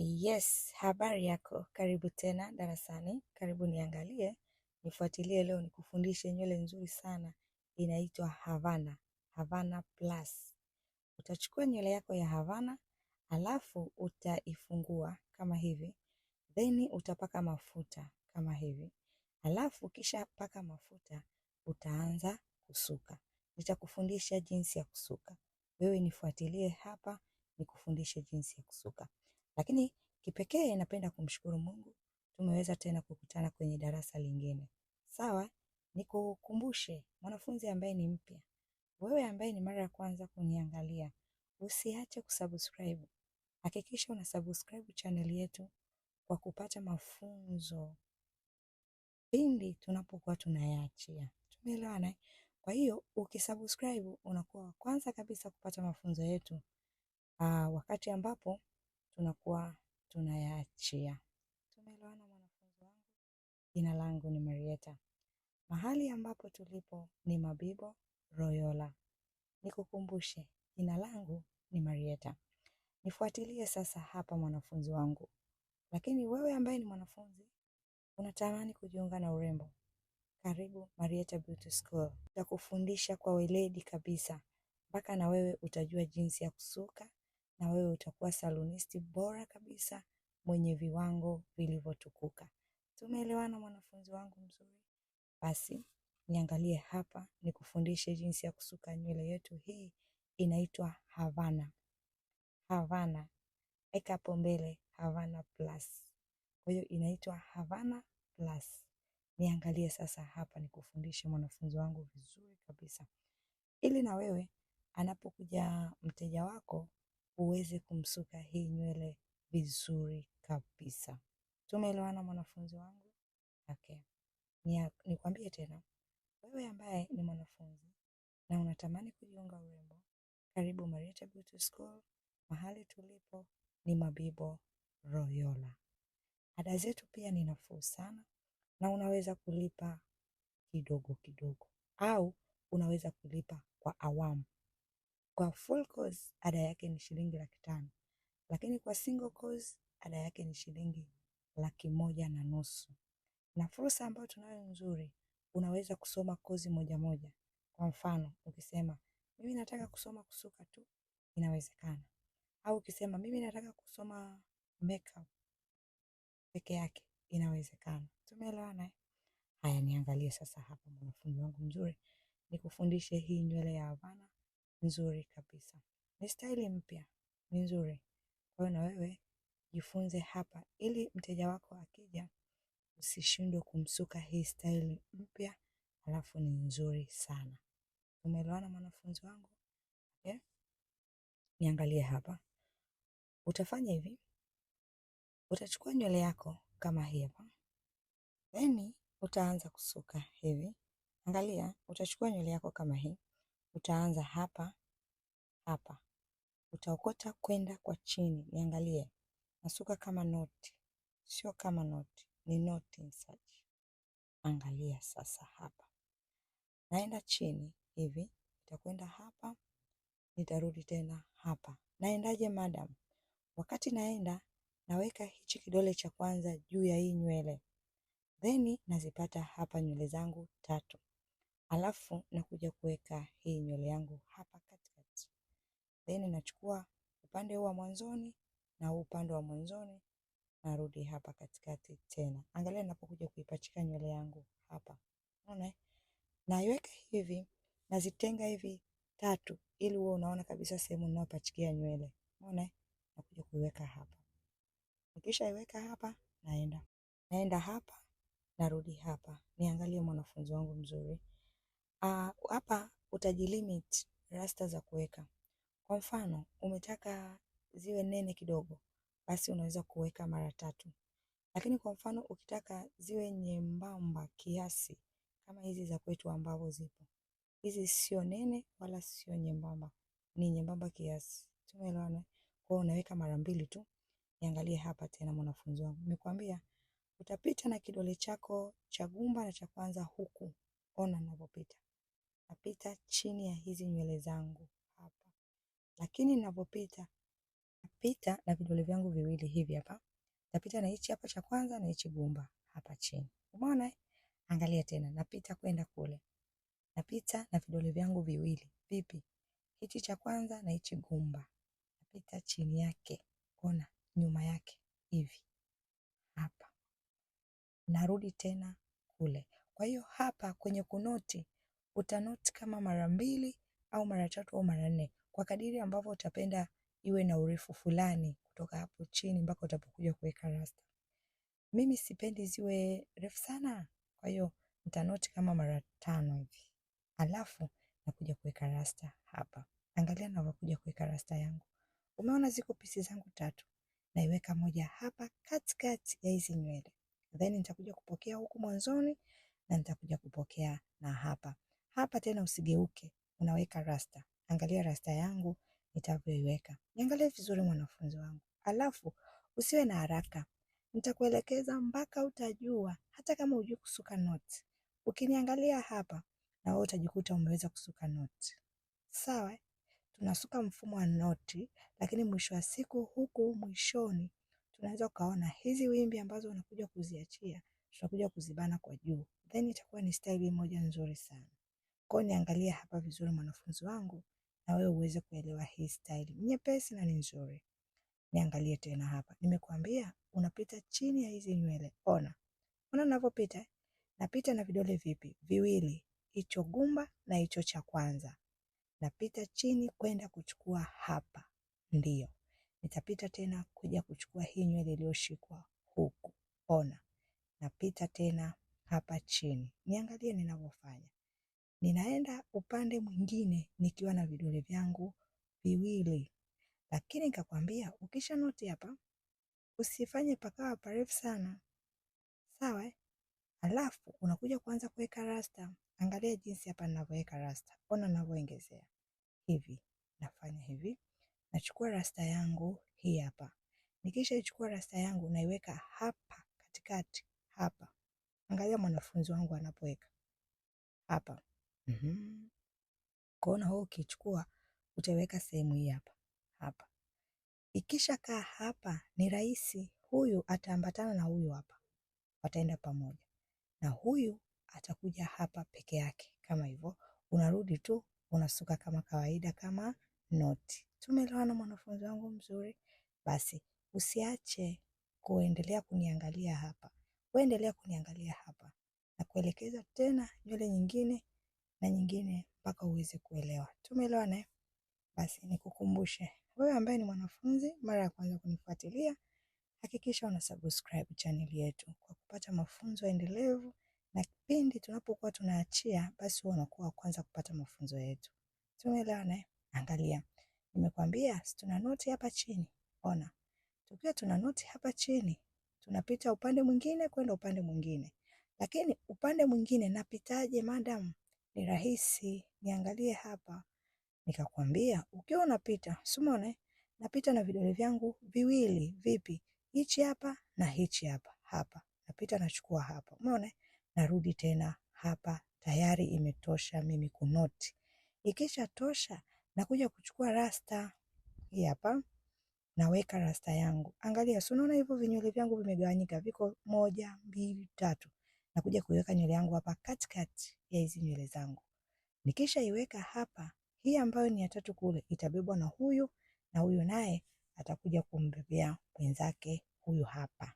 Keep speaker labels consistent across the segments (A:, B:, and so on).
A: Yes, habari yako? Karibu tena darasani. Karibu niangalie, nifuatilie. Leo nikufundishe nywele nzuri sana, inaitwa Havana, Havana Plus. Utachukua nywele yako ya Havana alafu utaifungua kama hivi, then utapaka mafuta kama hivi, alafu kisha paka mafuta utaanza kusuka. Nitakufundisha jinsi ya kusuka, wewe nifuatilie hapa nikufundishe jinsi ya kusuka. Lakini kipekee napenda kumshukuru Mungu tumeweza tena kukutana kwenye darasa lingine. Sawa, nikukumbushe mwanafunzi ambaye ni mpya, wewe ambaye ni mara ya kwanza kuniangalia, usiache kusubscribe. Hakikisha una chanel chaneli yetu kwa kupata mafunzo pindi tunapokuwa tunayaachia. Tumeelewana? Kwa hiyo ukisubscribe unakuwa wa kwanza kabisa kupata mafunzo yetu. Aa, ah, wakati ambapo tunakuwa tunayaachia. Tumeelewana mwanafunzi wangu? Jina langu ni Marieta. Mahali ambapo tulipo ni Mabibo Royola. Nikukumbushe, jina langu ni Marieta. Nifuatilie sasa hapa mwanafunzi wangu. Lakini wewe ambaye ni mwanafunzi unatamani kujiunga na urembo, karibu Marieta Beauty School. Tutakufundisha kwa weledi kabisa mpaka na wewe utajua jinsi ya kusuka na wewe utakuwa salunisti bora kabisa mwenye viwango vilivyotukuka. Tumeelewana mwanafunzi wangu mzuri? Basi niangalie hapa, nikufundishe jinsi ya kusuka nywele yetu. Hii inaitwa Havana. Havana eka hapo mbele Havana Plus. Kwa hiyo inaitwa Havana Plus. Niangalie sasa hapa, nikufundishe mwanafunzi wangu vizuri kabisa, ili na wewe anapokuja mteja wako uweze kumsuka hii nywele vizuri kabisa. Tumeelewana mwanafunzi wangu? Okay. Nikwambie tena, wewe ambaye ni mwanafunzi na unatamani kujiunga urembo, karibu Marietha Beauty School. Mahali tulipo ni Mabibo Royola. Ada zetu pia ni nafuu sana, na unaweza kulipa kidogo kidogo au unaweza kulipa kwa awamu kwa full course ada yake ni shilingi laki tano, lakini kwa single course ada yake ni shilingi laki moja na nusu. Na fursa ambayo tunayo nzuri, unaweza kusoma kozi moja moja. Kwa mfano ukisema mimi nataka kusoma kusuka tu, inawezekana, au ukisema mimi nataka kusoma makeup peke yake inawezekana. Tumeelewana eh? Haya, niangalie sasa hapa, mwanafunzi wangu mzuri, nikufundishe hii nywele ya Havana nzuri kabisa. Ni staili mpya, ni nzuri. Kwa hiyo na wewe jifunze hapa, ili mteja wako akija usishindwe kumsuka hii staili mpya, alafu ni nzuri sana. Umeelewana mwanafunzi wangu? okay? Niangalie hapa, utafanya hivi, utachukua nywele yako kama hii hapa, then utaanza kusuka hivi. Angalia, utachukua nywele yako kama hii utaanza hapa hapa, utaokota kwenda kwa chini. Niangalie, nasuka kama noti, sio kama noti, ni noti msaji. Angalia sasa hapa, naenda chini hivi, nitakwenda hapa, nitarudi tena hapa. Naendaje madam? Wakati naenda naweka hichi kidole cha kwanza juu ya hii nywele, theni nazipata hapa nywele zangu tatu Alafu nakuja kuweka hii nywele yangu hapa katikati, then nachukua upande huu wa mwanzoni na huu upande wa mwanzoni, narudi hapa katikati tena. Angalia ninapokuja kuipachika nywele yangu hapa, unaona, naiweka hivi, nazitenga hivi tatu, ili wewe unaona kabisa sehemu ninayopachikia nywele, unaona. Nakuja kuiweka hapa, nikishaiweka hapa naenda naenda hapa, narudi hapa, niangalie mwanafunzi wangu mzuri. Ah, hapa uh, utajilimit rasta za kuweka. Kwa mfano umetaka ziwe nene kidogo, basi unaweza kuweka mara tatu, lakini kwa mfano ukitaka ziwe nyembamba kiasi kama hizi za kwetu ambavyo zipo hizi, sio nene wala sio nyembamba, ni nyembamba kiasi. Tumeelewana? Kwa hiyo unaweka mara mbili tu. Niangalie hapa tena, mwanafunzi wangu, nimekwambia utapita na kidole chako cha gumba na cha kwanza huku, ona ninapopita napita chini ya hizi nywele zangu hapa, lakini ninapopita napita na vidole vyangu viwili hivi hapa, napita na hichi hapa cha kwanza na hichi gumba hapa chini, umeona? Eh? Angalia tena, napita kwenda kule, napita na vidole vyangu viwili vipi, hichi cha kwanza na hichi gumba, napita chini yake, ona nyuma yake hivi hapa, narudi tena kule. Kwa hiyo hapa kwenye kunoti utanoti kama mara mbili au mara tatu au mara nne kwa kadiri ambavyo utapenda iwe na urefu fulani kutoka hapo chini mpaka utapokuja kuweka rasta. Mimi sipendi ziwe refu sana, kwa hiyo nitanoti kama mara tano hivi, alafu nakuja kuweka rasta hapa. Angalia navyokuja kuweka rasta yangu. Umeona ziko pisi zangu tatu, naiweka moja hapa katikati ya hizi nywele, then nitakuja kupokea huku mwanzoni na nitakuja kupokea na hapa. Hapa tena usigeuke, unaweka rasta. Angalia rasta yangu nitavyoiweka. Niangalie vizuri mwanafunzi wangu, alafu usiwe na haraka, nitakuelekeza mpaka utajua. Hata kama hujui kusuka knot, ukiniangalia hapa na wewe utajikuta umeweza kusuka knot. Sawa, tunasuka mfumo wa noti, lakini mwisho wa siku, huku mwishoni, tunaweza ukaona hizi wimbi ambazo unakuja kuziachia, tutakuja kuzibana kwa juu, then itakuwa ni staili moja nzuri sana. Kwa niangalia niangalie hapa vizuri mwanafunzi wangu, na wewe uweze kuelewa hii staili nyepesi na ni nzuri. Niangalie tena hapa, nimekuambia unapita chini ya hizi nywele. Ona, ona ninavyopita, napita na vidole vipi? Viwili, hicho gumba na hicho cha kwanza. Napita chini kwenda kuchukua hapa, ndio nitapita tena kuja kuchukua hii nywele iliyoshikwa huku. Ona, napita tena hapa chini, niangalie ninavyofanya ninaenda upande mwingine nikiwa na vidole vyangu viwili, lakini nikakwambia ukisha noti hapa usifanye pakawa parefu sana, sawa? Alafu unakuja kuanza kuweka rasta. Angalia jinsi hapa ninavyoweka rasta, ona ninavyoongezea hivi. Nafanya hivi, nachukua rasta yangu hii hapa. Nikishaichukua rasta yangu naiweka hapa katikati hapa. Angalia mwanafunzi wangu anapoweka hapa Mhm. Kwa na ukichukua utaiweka sehemu hii hapa hapa, ikisha kaa hapa ni rahisi, huyu ataambatana na huyu hapa, wataenda pamoja na huyu atakuja hapa peke yake kama hivyo. Unarudi tu unasuka kama kawaida, kama noti. Tumeelewana mwanafunzi wangu mzuri? Basi usiache kuendelea kuniangalia hapa, wewe kuniangalia hapa na kuelekeza tena nywele nyingine na nyingine mpaka uweze kuelewa. Tumeelewana eh? Basi nikukumbushe wewe ambaye ni mwanafunzi mara ya kwanza kunifuatilia, hakikisha una subscribe channel yetu kwa kupata mafunzo endelevu, na kipindi tunapokuwa tunaachia, basi wewe unakuwa wa kwanza kupata mafunzo yetu. Tumeelewana eh? Angalia, nimekwambia tuna noti hapa chini, ona tukiwa tuna noti hapa chini tunapita upande mwingine kwenda upande mwingine, lakini upande mwingine napitaje madam? ni rahisi niangalie hapa nikakwambia, ukiwa unapita simone, napita na vidole vyangu viwili, vipi? Hichi hapa na hichi hapa, hapa napita nachukua hapa, umeona, narudi tena hapa, tayari imetosha mimi kunoti. Ikisha tosha nakuja kuchukua rasta hii hapa, naweka rasta yangu. Angalia, si unaona hivyo vinywele vyangu vimegawanyika, viko moja, mbili, tatu nakuja kuiweka nywele yangu hapa katikati ya hizi nywele zangu. Nikishaiweka hapa, hii ambayo ni ya tatu kule itabebwa na huyu na huyu naye atakuja kumbebea mwenzake huyu hapa.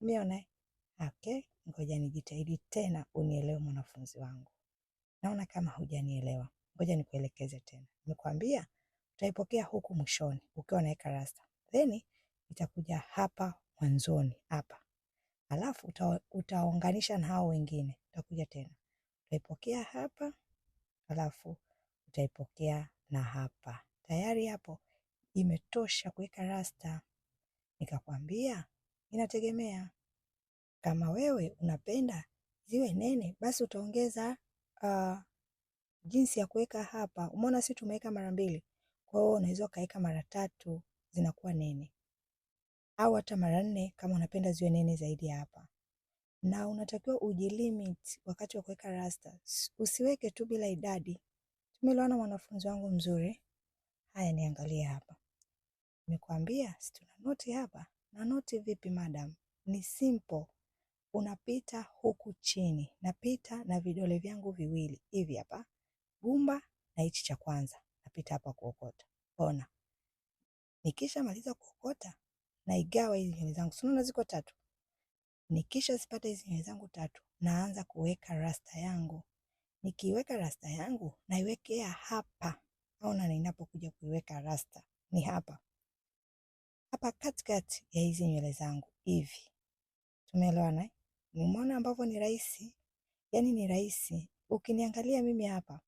A: Umeona? Okay, ngoja nijitahidi tena unielewe mwanafunzi wangu. Naona kama hujanielewa. Ngoja nikuelekeze tena. Nikwambia utaipokea huku mwishoni ukiwa unaweka rasta. Then itakuja hapa mwanzoni hapa alafu utaunganisha na hao wengine. Utakuja tena utaipokea hapa, alafu utaipokea na hapa. Tayari hapo imetosha kuweka rasta. Nikakwambia inategemea kama wewe unapenda ziwe nene, basi utaongeza uh, jinsi ya kuweka hapa. Umeona, si tumeweka mara mbili, kwa hiyo unaweza ukaweka mara tatu, zinakuwa nene au hata mara nne kama unapenda ziwe nene zaidi ya hapa. Na unatakiwa ujilimit wakati wa kuweka rasta, usiweke tu bila idadi. Tumeelewana mwanafunzi wangu mzuri? Haya, niangalie hapa, nimekuambia si noti hapa. Na noti vipi madam? Ni simple, unapita huku chini, napita na vidole vyangu viwili hivi hapa, gumba na hichi cha kwanza, napita hapa kuokota. Ona, nikishamaliza kuokota na igawa hizi nywele zangu, sinaona ziko tatu. Nikisha zipata hizi nywele zangu tatu, naanza kuweka rasta yangu. Nikiweka rasta yangu naiwekea hapa, naona ninapokuja kuiweka rasta ni hapa hapa katikati ya hizi nywele zangu hivi. Tumeelewana? Umeona ambavyo ni rahisi, yaani ni rahisi. Ukiniangalia mimi hapa,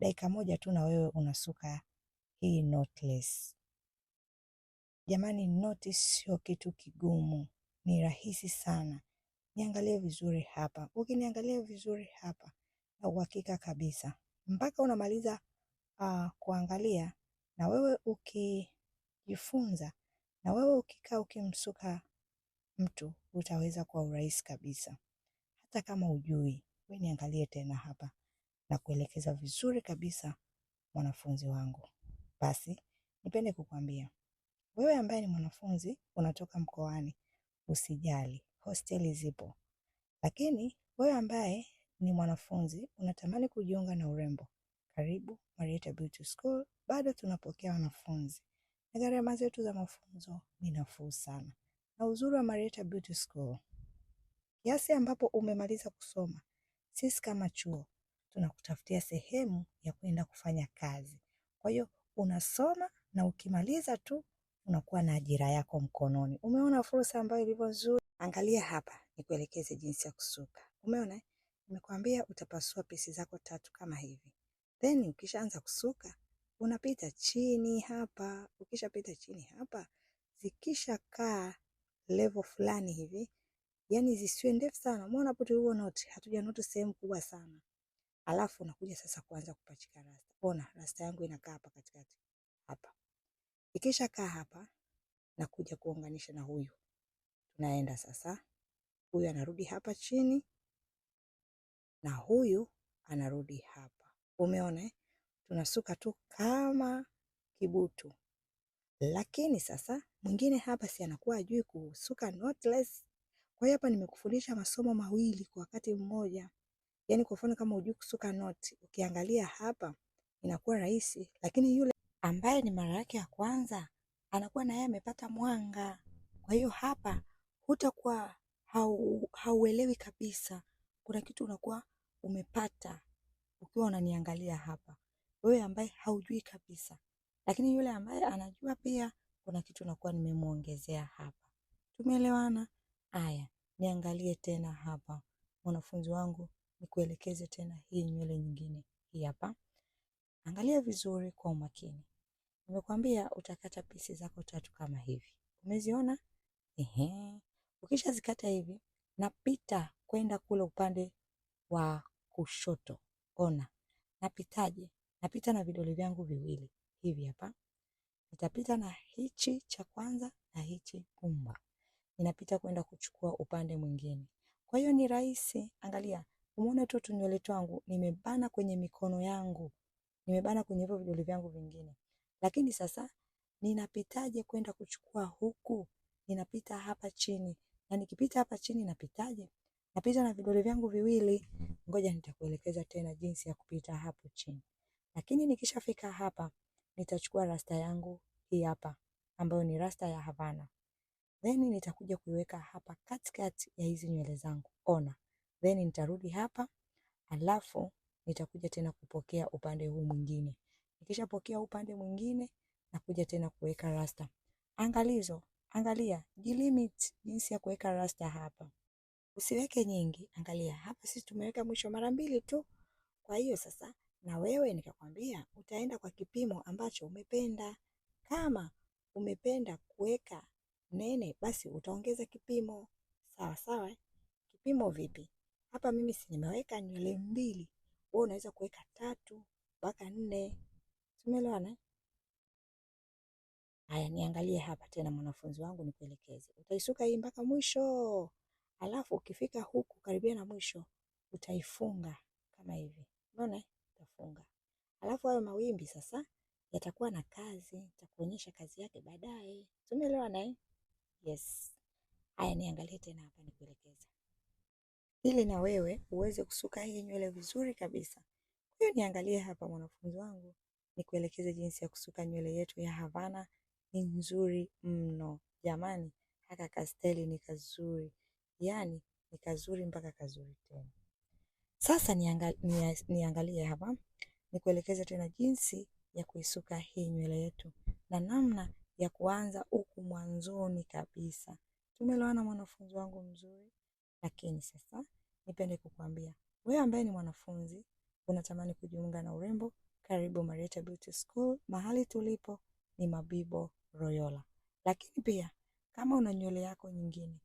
A: dakika moja tu na wewe unasuka hii knotless. Jamani, noti sio kitu kigumu, ni rahisi sana. Niangalie vizuri hapa, ukiniangalia vizuri hapa, na uhakika kabisa mpaka unamaliza uh, kuangalia, na wewe ukijifunza, na wewe ukikaa ukimsuka mtu utaweza kwa urahisi kabisa. Hata kama ujui, we niangalie tena hapa na kuelekeza vizuri kabisa, mwanafunzi wangu. Basi nipende kukwambia wewe ambaye ni mwanafunzi unatoka mkoani, usijali, hosteli zipo. Lakini wewe ambaye ni mwanafunzi unatamani kujiunga na urembo, karibu Marieta Beauty School, bado tunapokea wanafunzi na gharama zetu za mafunzo ni nafuu sana. Na uzuri wa Marieta Beauty School, kiasi ambapo umemaliza kusoma, sisi kama chuo tunakutafutia sehemu ya kwenda kufanya kazi. Kwa hiyo unasoma na ukimaliza tu unakuwa na ajira yako mkononi. Umeona fursa ambayo ilivyo nzuri? Angalia hapa, nikuelekeze jinsi ya kusuka. Umeona, nimekuambia utapasua pisi zako tatu kama hivi, then ukishaanza kusuka unapita chini hapa. Ukishapita chini hapa, zikishakaa level fulani hivi, yani zisiwe ndefu sana. Umeona hapo tulivyo noti, hatuja noti sehemu kubwa sana. Alafu unakuja sasa kuanza kupachika rasta. Ona rasta yangu inakaa hapa katikati hapa Ikisha kaa hapa na kuja kuunganisha na huyu, tunaenda sasa, huyu anarudi hapa chini na huyu anarudi hapa. Umeona Tunasuka tu kama kibutu, lakini sasa mwingine hapa si anakuwa ajui kusuka knotless. Kwa hiyo hapa nimekufundisha masomo mawili kwa wakati mmoja. Yaani kwa mfano kama hujui kusuka knot, ukiangalia hapa inakuwa rahisi, lakini yule ambaye ni mara yake ya kwanza anakuwa na yeye amepata mwanga. Kwa hiyo hapa hutakuwa hau, hauelewi kabisa. Kuna kitu unakuwa umepata ukiwa unaniangalia hapa, wewe ambaye haujui kabisa, lakini yule ambaye anajua pia kuna kitu nakuwa nimemwongezea hapa. Tumeelewana? Haya, niangalie tena hapa, mwanafunzi wangu, nikuelekeze tena hii nywele nyingine hii hapa. Angalia vizuri kwa umakini. Nimekwambia utakata pisi zako tatu kama hivi, umeziona? Ehe, ukishazikata hivi, napita kwenda kule upande wa kushoto. Ona napitaje? Napita na vidole vyangu viwili hivi hapa, nitapita na hichi cha kwanza na hichi gumba, ninapita kwenda kuchukua upande mwingine. Kwa hiyo ni rahisi. Angalia, umeona tu tunywele twangu nimebana kwenye mikono yangu, nimebana kwenye hivyo vidole vyangu vingine lakini sasa ninapitaje kwenda kuchukua huku? Ninapita hapa chini. Na nikipita hapa chini napitaje? Napita na vidole vyangu viwili. Ngoja nitakuelekeza tena jinsi ya kupita hapo chini. Lakini nikishafika hapa nitachukua rasta yangu hii hapa ambayo ni rasta ya Havana. Then nitakuja kuiweka hapa katikati ya hizi nywele zangu. Ona. Then nitarudi hapa, alafu nitakuja tena kupokea upande huu mwingine. Nikishapokea upande mwingine na kuja tena kuweka rasta. Angalizo, angalia, jilimit jinsi ya kuweka rasta hapa. Usiweke nyingi, angalia hapa sisi tumeweka mwisho mara mbili tu. Kwa hiyo sasa na wewe nikakwambia utaenda kwa kipimo ambacho umependa. Kama umependa kuweka nene, basi utaongeza kipimo. Sawa sawa. Kipimo vipi? Hapa mimi si nimeweka nywele mbili, wewe unaweza kuweka tatu mpaka nne. Tumeelewana? Haya, niangalie hapa tena, mwanafunzi wangu, nikuelekeze. Utaisuka hii mpaka mwisho, alafu ukifika huku karibia na mwisho utaifunga kama hivi, unaona? Utafunga alafu hayo mawimbi sasa yatakuwa na kazi, nitakuonyesha kazi yake baadaye. Tumeelewana eh? Yes. Haya, niangalie tena hapa nikuelekeze, ili na wewe uweze kusuka hii nywele vizuri kabisa. Kwa hiyo niangalie hapa, mwanafunzi wangu nikuelekeze jinsi ya kusuka nywele yetu ya Havana. Ni nzuri mno jamani, haka kasteli ni kazuri, yani ni kazuri mpaka kazuri tena. Sasa niangalie, hapa, nikuelekeze tena jinsi ya kuisuka hii nywele yetu na namna ya kuanza huku mwanzoni kabisa. Tumeelewana mwanafunzi wangu mzuri? Lakini sasa nipende kukuambia wewe ambaye ni mwanafunzi unatamani kujiunga na urembo karibu Marieta Beauty School, mahali tulipo ni Mabibo Royola. Lakini pia kama una nywele yako nyingine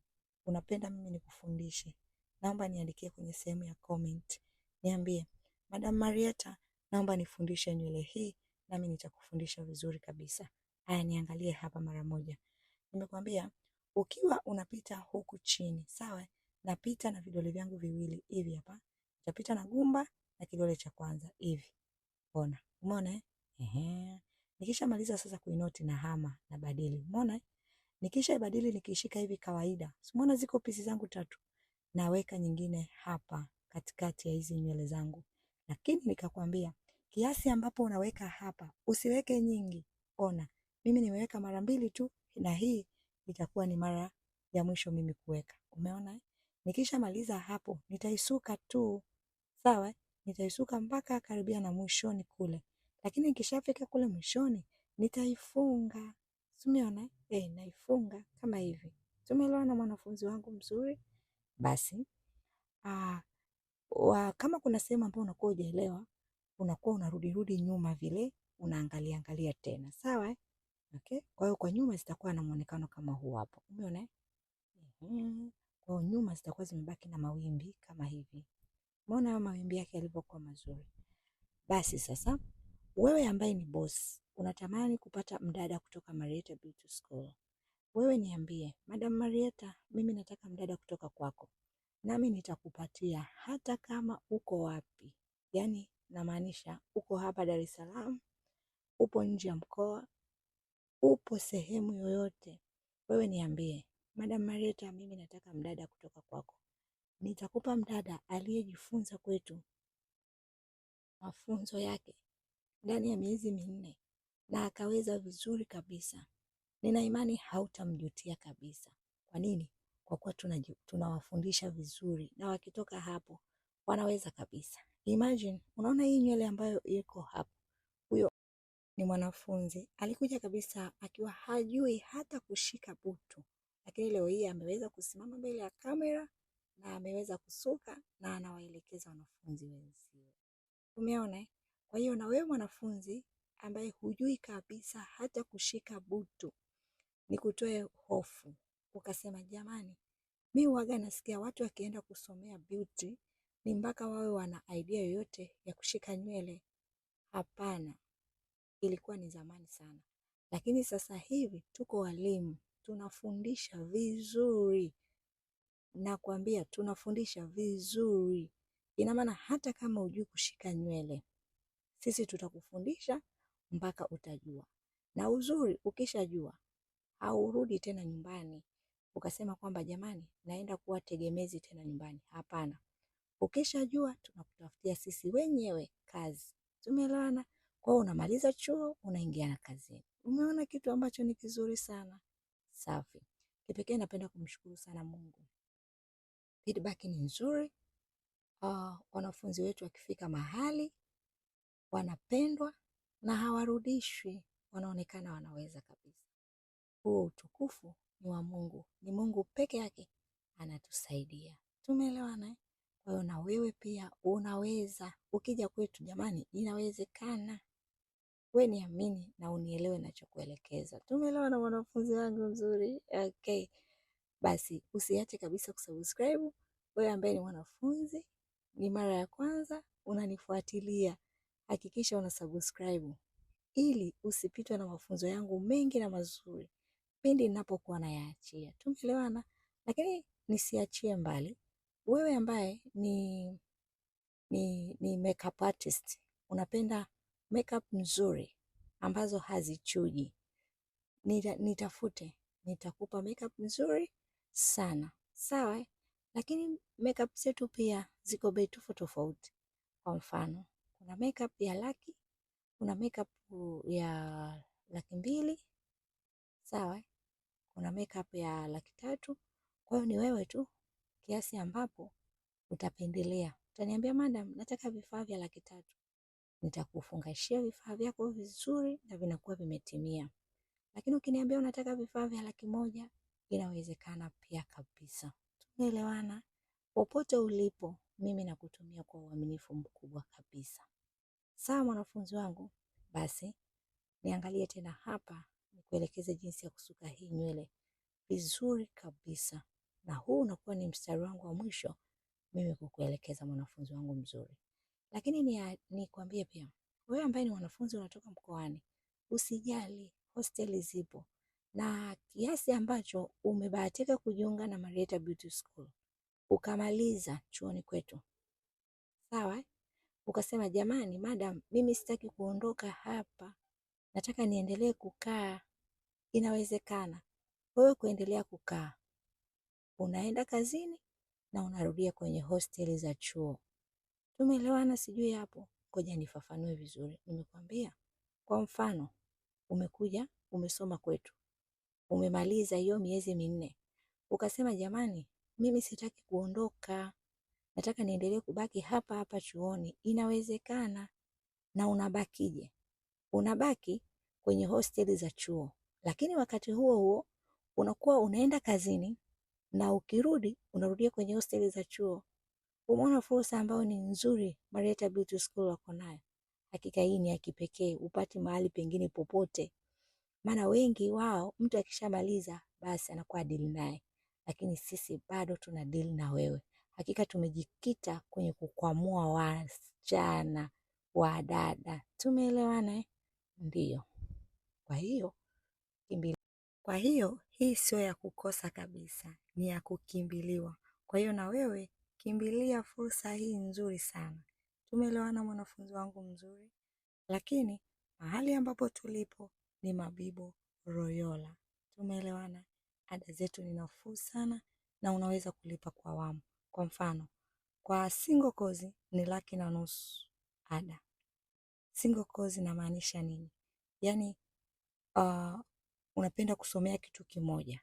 A: unapenda mimi nikufundishe, naomba niandikie kwenye sehemu ya comment, niambie Madam Marieta, naomba nifundishe nywele hii, nami nitakufundisha vizuri kabisa. Haya, niangalie hapa mara moja. Nimekwambia ukiwa unapita huku chini, sawa? Napita na vidole vyangu viwili hivi hapa, nitapita na gumba na kidole cha kwanza hivi kona. Umeona eh? Ehe. Nikishamaliza sasa kuinoti na hama na badili. Umeona eh? Nikisha ibadili nikishika hivi kawaida. Umeona ziko pisi zangu tatu. Naweka nyingine hapa katikati ya hizi nywele zangu. Lakini nikakwambia kiasi ambapo unaweka hapa, usiweke nyingi. Ona, mimi nimeweka mara mbili tu na hii itakuwa ni mara ya mwisho mimi kuweka. Umeona eh? Nikishamaliza hapo nitaisuka tu. Sawa? Eh? nitaisuka mpaka karibia na mwishoni kule, lakini nikishafika kule mwishoni nitaifunga. Umeona eh? Naifunga kama hivi. Tumeelewana na mwanafunzi wangu mzuri? Basi aa, ah, wa, kama kuna sehemu ambayo unakuwa hujaelewa unakuwa unarudirudi nyuma vile unaangalia angalia tena, sawa eh? Okay. Kwa hiyo kwa nyuma zitakuwa na mwonekano kama huu hapo, umeona mm -hmm. Kwa nyuma zitakuwa zimebaki na mawimbi kama hivi. Mbona hayo mawimbi yake yalivyokuwa mazuri. Basi sasa, wewe ambaye ni bosi unatamani kupata mdada kutoka Marietha Beauty School, wewe niambie, Madam Marietha, mimi nataka mdada kutoka kwako, nami nitakupatia hata kama uko wapi. Yaani namaanisha uko hapa Dar es Salaam, upo nje ya mkoa, upo sehemu yoyote, wewe niambie, Madam Marietha, mimi nataka mdada kutoka kwako, nitakupa mdada aliyejifunza kwetu mafunzo yake ndani ya miezi minne na akaweza vizuri kabisa. Nina imani hautamjutia kabisa. Kwa nini? Kwa kuwa tunawafundisha vizuri, na wakitoka hapo wanaweza kabisa. Imagine, unaona hii nywele ambayo iko hapo, huyo ni mwanafunzi alikuja kabisa akiwa hajui hata kushika butu, lakini leo hii ameweza kusimama mbele ya kamera na ameweza kusuka na anawaelekeza wanafunzi wenzie. Umeona? Kwa hiyo na wewe mwanafunzi ambaye hujui kabisa hata kushika butu, ni kutoe hofu ukasema, jamani, mi waga nasikia watu wakienda kusomea beauty ni mpaka wawe wana idea yoyote ya kushika nywele. Hapana, ilikuwa ni zamani sana, lakini sasa hivi tuko walimu tunafundisha vizuri nakwambia tunafundisha vizuri. Ina maana hata kama hujui kushika nywele, sisi tutakufundisha mpaka utajua. Na uzuri ukishajua, haurudi tena nyumbani ukasema kwamba jamani, naenda kuwa tegemezi tena nyumbani. Hapana, ukishajua tunakutafutia sisi wenyewe kazi. Tumeelewana? Kwa hiyo unamaliza chuo unaingia na kazini. Umeona kitu ambacho ni kizuri sana. Safi. Kipekee napenda kumshukuru sana Mungu Feedback ni nzuri. Uh, wanafunzi wetu wakifika mahali wanapendwa na hawarudishwi, wanaonekana wanaweza kabisa. Huo utukufu ni wa Mungu, ni Mungu peke yake anatusaidia. Tumeelewana? Eh? Kwa hiyo na wewe pia unaweza ukija kwetu, jamani, inawezekana. We niamini na unielewe nachokuelekeza. Tumeelewana wanafunzi wangu? Mzuri, okay basi usiache kabisa kusubscribe. Wewe ambaye ni mwanafunzi, ni mara ya kwanza unanifuatilia, hakikisha una subscribe ili usipitwe na mafunzo yangu mengi na mazuri pindi ninapokuwa nayaachia. Tumeelewana? Lakini nisiachie mbali wewe ambaye ni, ni, ni makeup artist, unapenda makeup nzuri ambazo hazichuji, nitafute nitakupa makeup nzuri sana, sawa. Lakini makeup zetu pia ziko bei tofauti tofauti. Kwa mfano, kuna makeup ya laki, kuna makeup ya laki mbili, sawa. Kuna makeup ya laki tatu. Kwa hiyo ni wewe tu kiasi ambapo utapendelea. Utaniambia madam, nataka vifaa vya laki tatu, nitakufungashia vifaa vyako vizuri na vinakuwa vimetimia. Lakini ukiniambia unataka vifaa vya laki moja inawezekana pia kabisa. Tumeelewana? Popote ulipo, mimi nakutumia kwa uaminifu mkubwa kabisa. Sawa mwanafunzi wangu, basi niangalie tena hapa, nikuelekeze jinsi ya kusuka hii nywele vizuri kabisa, na huu unakuwa ni mstari wangu wa mwisho mimi kukuelekeza mwanafunzi wangu mzuri. Lakini nikwambie ni pia wewe ambaye ni mwanafunzi unatoka mkoani, usijali, hosteli zipo na kiasi ambacho umebahatika kujiunga na Marietha Beauty School ukamaliza chuoni kwetu, sawa, ukasema jamani, madam, mimi sitaki kuondoka hapa, nataka niendelee kukaa. Inawezekana wewe kuendelea kukaa, unaenda kazini na unarudia kwenye hosteli za chuo. Tumeelewana sijui hapo? Ngoja nifafanue vizuri. Nimekwambia kwa mfano, umekuja umesoma kwetu umemaliza hiyo miezi minne, ukasema jamani, mimi sitaki kuondoka, nataka niendelee kubaki hapa hapa chuoni, inawezekana. Na unabakije? Unabaki kwenye hosteli za chuo, lakini wakati huo huo unakuwa unaenda kazini na ukirudi unarudia kwenye hosteli za chuo. Umeona fursa ambayo ni nzuri Marieta Beauty School wako nayo. Hakika hii ni ya kipekee, upati mahali pengine popote. Maana wengi wao mtu akishamaliza basi anakuwa adili naye, lakini sisi bado tuna dili na wewe. Hakika tumejikita kwenye kukwamua wasichana wadada, tumeelewana eh? ndio? Kwa hiyo kimbili. kwa hiyo hii sio ya kukosa kabisa, ni ya kukimbiliwa. Kwa hiyo na wewe kimbilia fursa hii nzuri sana. Tumeelewana mwanafunzi wangu mzuri, lakini mahali ambapo tulipo ni Mabibo Royola. Tumeelewana? Ada zetu ni nafuu sana na unaweza kulipa kwa awamu. Kwa mfano, kwa single course ni laki na nusu ada. Single course inamaanisha nini? Yaani uh, unapenda kusomea kitu kimoja,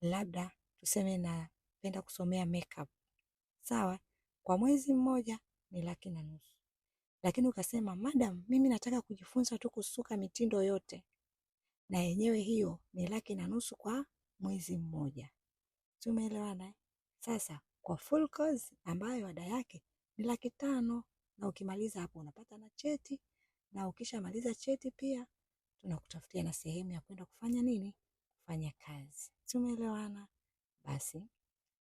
A: labda tuseme napenda kusomea makeup, sawa? Kwa mwezi mmoja ni laki na nusu, lakini ukasema madam, mimi nataka kujifunza tu kusuka mitindo yote, na yenyewe hiyo ni laki na nusu kwa mwezi mmoja. Tumeelewana? Eh? Sasa kwa full course ambayo ada yake ni laki tano na ukimaliza hapo unapata na cheti, na ukishamaliza cheti pia tunakutafutia na sehemu ya kwenda kufanya nini? Kufanya kazi. Tumeelewana? Basi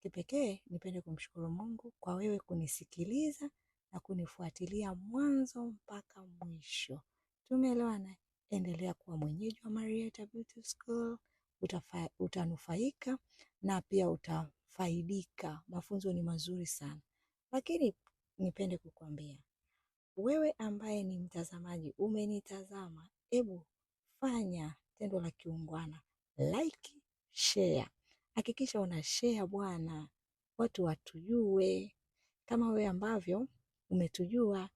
A: kipekee nipende kumshukuru Mungu kwa wewe kunisikiliza na kunifuatilia mwanzo mpaka mwisho. Tumeelewana? endelea kuwa mwenyeji wa Marietha Beauty School. Utafa, utanufaika na pia utafaidika. Mafunzo ni mazuri sana, lakini nipende kukwambia wewe ambaye ni mtazamaji, umenitazama, hebu fanya tendo la kiungwana, like, share. Hakikisha una share bwana, watu watujue kama wewe ambavyo umetujua.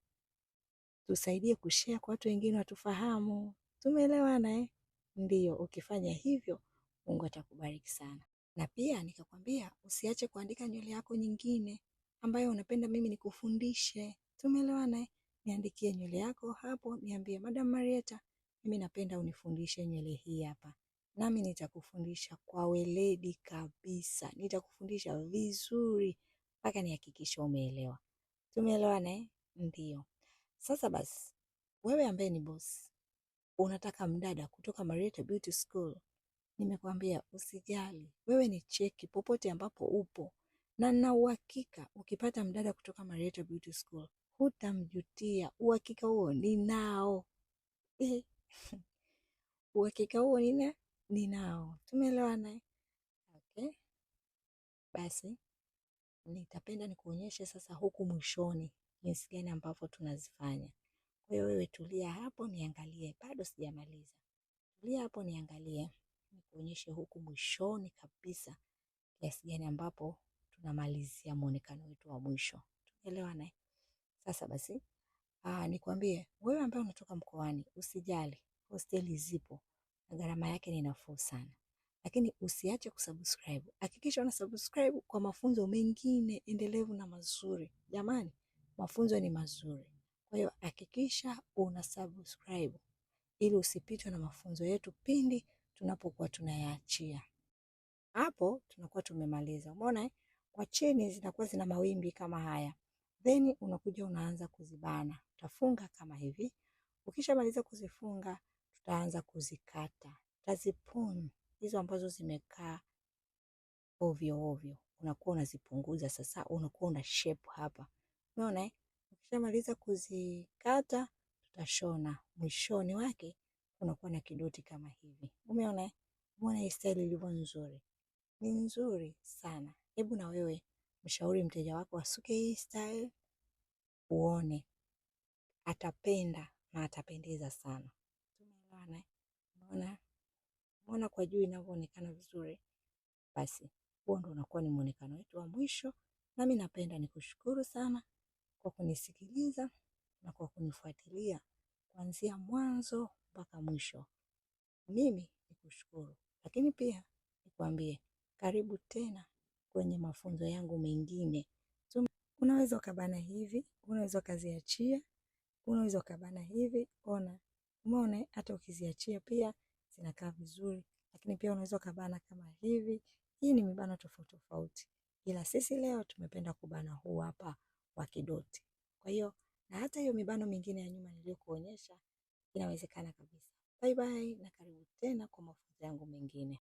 A: Tusaidie kushare kwa watu wengine watufahamu. Tumeelewana eh? Ndiyo, ukifanya hivyo Mungu atakubariki sana. Na pia nikakwambia usiache kuandika nywele yako nyingine ambayo unapenda mimi nikufundishe. Tumeelewana eh? Niandikie nywele yako hapo, niambie Madam Marietha, mimi napenda unifundishe nywele hii hapa, nami nitakufundisha kwa weledi kabisa, nitakufundisha vizuri mpaka nihakikisha umeelewa. Tumeelewana eh? Ndiyo. Sasa basi, wewe ambaye ni bosi unataka mdada kutoka Marieta Beauty School, nimekwambia usijali, wewe ni cheki popote ambapo upo, na na uhakika ukipata mdada kutoka Marieta Beauty School hutamjutia. Uhakika huo ninao, eh, uhakika huo nina ninao, tumeelewana eh? okay. Basi nitapenda nikuonyeshe sasa huku mwishoni jinsi gani ambavyo tunazifanya kwa hiyo wewe tulia hapo niangalie, bado sijamaliza. Tulia hapo niangalie, nikuonyeshe huku mwishoni kabisa kiasi gani ambapo tunamalizia muonekano wetu wa mwisho. Tumeelewa naye? Eh? Sasa basi, aa, nikwambie wewe ambaye unatoka mkoani usijali, hosteli zipo na gharama yake ni nafuu sana, lakini usiache kusubscribe. Hakikisha una subscribe kwa mafunzo mengine endelevu na mazuri. Jamani, mafunzo ni mazuri. Kwa hiyo hakikisha una subscribe ili usipitwe na mafunzo yetu pindi tunapokuwa tunayaachia. Hapo tunakuwa tumemaliza. Umeona eh? kwa chini zinakuwa zina mawimbi kama haya, then unakuja unaanza kuzibana, utafunga kama hivi. Ukishamaliza kuzifunga, tutaanza kuzikata, utazipuni hizo ambazo zimekaa ovyo ovyo, unakuwa unazipunguza. Sasa unakuwa una shape hapa, umeona eh? Tukishamaliza kuzikata tutashona, mwishoni wake unakuwa na kidoti kama hivi. Umeona, umeona hii staili ilivyo nzuri, ni nzuri sana. Hebu na wewe mshauri mteja wako asuke hii style, uone atapenda na atapendeza sana. Umeona, umeona, umeona kwa juu inavyoonekana vizuri. Basi huo ndo unakuwa ni mwonekano wetu wa mwisho, nami napenda nikushukuru sana kwa kunisikiliza na kwa kunifuatilia kuanzia mwanzo mpaka mwisho. Mimi nikushukuru, lakini pia nikwambie karibu tena kwenye mafunzo yangu mengine. Unaweza ukabana hivi, unaweza ukaziachia, unaweza ukabana hivi. Ona, umeona, hata ukiziachia pia zinakaa vizuri, lakini pia unaweza ukabana kama hivi. Hii ni mibano tofauti tofauti, ila sisi leo tumependa kubana huu hapa wa kidoti. Kwa hiyo na hata hiyo mibano mingine ya nyuma niliyokuonyesha inawezekana kabisa. Bye bye na karibu tena kwa mafunzo yangu mengine.